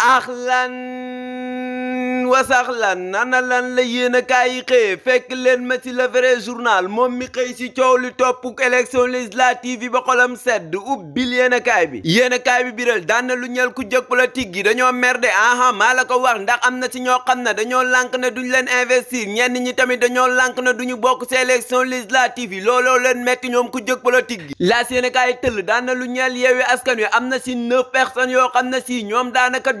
أهلا ahlan wa nana lan la yéen a kaay yi xëye fekk leen ma ci le vrai journal moom mi xëy si coow li topp élection législative yi ba xolam sedd ubbil yéen a kaay bi yéen a kaay bi biral daan lu ñel ku jëkk politique gi dañoo mer merde aha maa la ko wax ndax am na ci ñoo xam ne dañoo lànk ne duñ leen investir ñenn ñi tamit dañoo lànk ne duñu bokk si élection législative yi looloo leen metti ñoom ku jëkk politique gi laas yéen a kaay tëll daan na lu ñel yeewi askan wi am na si neuf personnes yoo xam ne si ñoom daanakat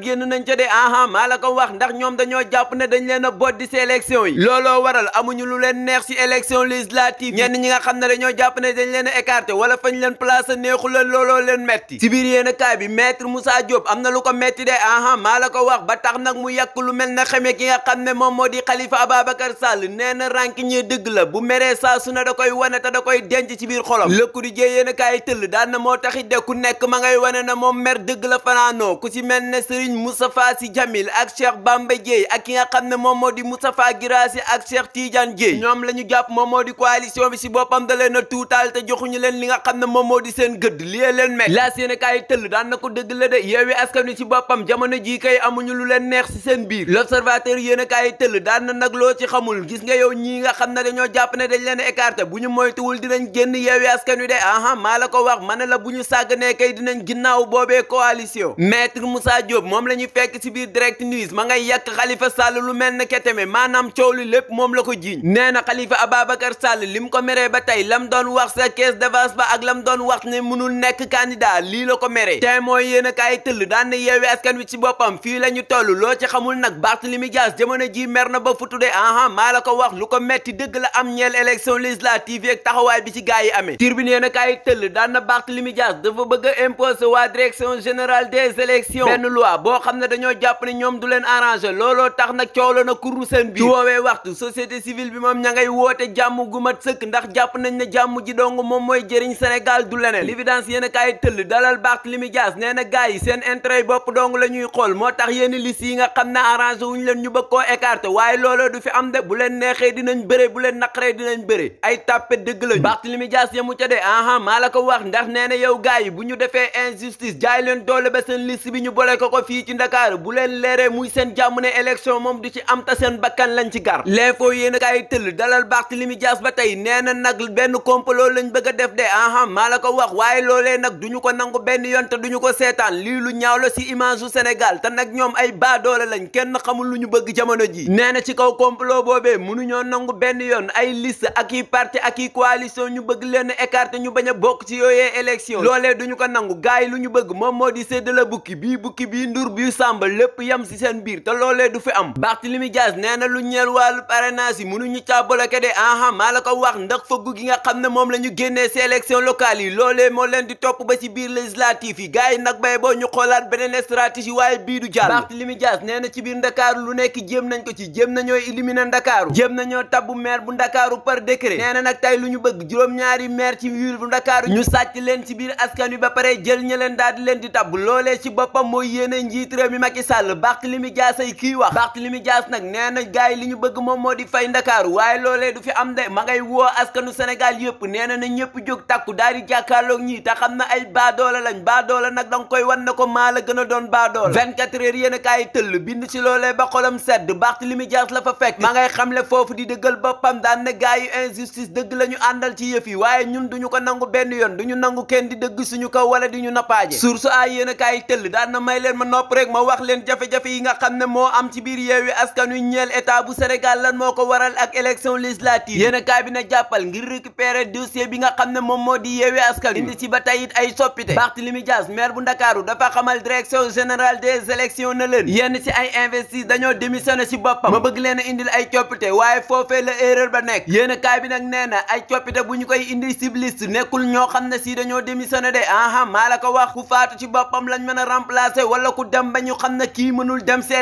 ñoo jàpp ne dañ leen a bot yi looloo waral amuñu lu leen neex si élection législative ñenn ñi nga xam ne dañoo jàpp ne dañ leen a écarté wala fañ leen placé neexu leen looloo leen metti si biir yéen a kaay bi maître Moussa Diop am na lu ko metti de aha maa la ko wax ba tax nag mu yàq lu mel na xamee ki nga xam ne moom moo di Khalifa Ababacar Sall nee na rànkiñe dëgg la bu meree saa su ne da koy wane te da koy denc ci biir xolam lëkku di jee yéen a kaay tëll daan na moo taxit de ku nekk ma ngay wane na moom mer dëgg la fanaanoo ku si mel ne Serigne Moustapha Sy Jamil ak Cheikh Bamba Gueye ak ki nga xam ne moom di Moustapha Guirassy ak Cheikh Tidiane Dièye ñoom la ñu jàpp moom moo di coalition bi si boppam da leen a tuutaal te joxuñu leen li nga xam ne moom moo di seen gëdd lii leen mekk laas yéen kaay tëll daan na ko dëgg la de yeewi askan wi si boppam jamono jii kay amuñu lu leen neex si seen biir l'observateur yéen kaay tëll daan na nag loo ci xamul gis nga yow ñii nga xam ne dañoo jàpp ne dañ leen écarté bu ñu moytuwul dinañ génn yeewi askan wi de aha maa la ko wax ma ne la bu ñu sàgganee kay dinañ ginnaaw boobee coalition maître Moussa Diop la ñuy fekk si Khalifa Sall lu mel ne keteme maanaam coow li lépp moom la ko jiiñ nee na Khalifa Ababacar Sall lim ko meree ba tey lam doon wax sa caisse d'avance ba ak lam doon wax ne mënul nekk candidat lii la ko meree te mooy yéen a kaay tëll daan na askan wi ci boppam fii la ñu toll loo ci xamul nag Barthélemy Dias jamono ji mer na ba futude aha maa la ko wax lu ko metti dëgg la am ñeel élection législative yeeg taxawaay bi ci gaa yi amee tribune yéen a kaay tëll daan a looloo tax nag coow la na kurru seen bi ci woowee waxtu société civile bi moom ña ngay woote jàmm gu mat sëkk ndax jàpp nañ ne jàmm ji dong moom mooy a kaay yi nga xam ne arrangé wuñ leen ñu bëgg koo écarté waaye looloo du fi am de bu leen neexee dinañ bëre bu leen naqaree dinañ bëre ay tàppe dëgg lañu la ko ba seen liste bi ñu boole ko fii ci Ndakaaru bu leen leeree muy seen jàmm ne élection moom du ci am ta seen bakkan lañ ci gar l'info yéen a kaay tëll dalal Barthélemy Dias ba tey nee na nag benn complot lañ bëgg a def de aha maa la ko wax waaye loolee nag duñu ko nangu benn yoon te duñu ko seetaan lii lu ñaaw la si image su Sénégal te nag ñoom ay baadoole lañ kenn xamul lu ñu bëgg jamono ji nee na ci kaw complot boobee mënuñoo nangu benn yoon ay liste ak i parti ak i coalition ñu bëgg lenn écarter ñu bañ a bokk ci yooyee élection loolee duñu ko nangu gaay yi lu ñu bëgg moom moo di séddale bukki bii bukki bii ndur bii sàmba lépp yam si seen biir fi am Barthélemy Dias nee na lu ñeel wàllu parrainage yi mënuñu caa bloqué de aha maa la ko wax ndax fëggu gi nga xam ne moom la ñu génnee si élection locale yi loolee moo leen di topp ba ci biir législatif yi gars yi nag bay boo ñu xoolaat beneen stratégie waaye bii du jàll Barthélemy Dias nee na ci biir Ndakaaru lu nekk jéem nañ ko ci jéem nañoo éliminer Ndakaaru jéem nañoo tabbu maire bu Ndakaaru par décret nee nag tey lu ñu bëgg juróom-ñaari meer ci ville bu ndakaar ñu sàcc leen ci biir askan wi ba pare jël ña leen daal di leen di tabb loolee ci boppam mooy yéene njiit mi Macky Sall Barthélemy Dias ay Barthélemy Dias nag nee na gars yi li ñu bëgg moom moo di fay Ndakaaru waaye loolee du fi am de ma ngay woo askanu Sénégal yëpp nee na na ñëpp jóg takku daal di jàkkaarloog ñi te xam na ay baadoola lañ baadoola nag danga koy wan na ko maa gën a doon baadoola 24 heures yéen a kaay tëll bind ci loolee ba xolam sedd Barthélemy Dias la fa fekk ma ngay xamle foofu di dëggal boppam daan ne gars yu injustice dëgg la ñu àndal ci yëf yi waaye ñun duñu ko nangu benn yoon duñu nangu kenn di dëgg suñu kaw wala di ñu nappaaje source a yéen a kaay tëll daan na may leen ma nopp rek ma wax leen jafe-jafe yi nga xam ne biir yeewi askan wi ñeel état bu Sénégal lan moo ko waral ak élection législative yéen a kaay bi na jàppal ngir récupérer dossier bi nga xam ne moom moo di yeewi askan indi si ba tey it ay soppite Barthélémy Dias maire bu Ndakaaru dafa xamal direction générale de élections na leen yenn si ay investis dañoo démissionné si boppam ma bëgg leen a indil ay coppite waaye foofee la erreur ba nekk yéen a kaay bi nag nee na ay coppite bu ñu koy indi si liste nekkul ñoo xam ne si dañoo démissionné de aha maa la ko wax ku faatu ci boppam lañ mën a remplacer wala ku dem ba ñu xam ne mënul dem si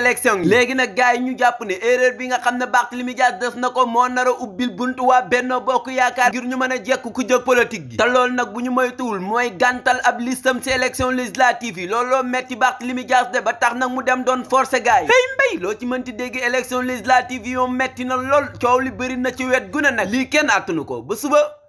léegi nag gars yi ñu jàpp ne erreur bi nga xam ne Barthélémy Dias def na ko moo nar a ubbil buntu waa benn Bokk Yaakaar ngir ñu mën a jekk ku jóg politique gi te loolu nag bu ñu moytuwul mooy gàntal ab listam ci élection législative yi looloo metti Barthélémy Dias de ba tax nag mu dem doon forcé gars yi mbéy loo ci mënti dégg élection législative yi moom metti na lool coow li bëri na ci wet ne nag lii kenn àttunu ko ba suba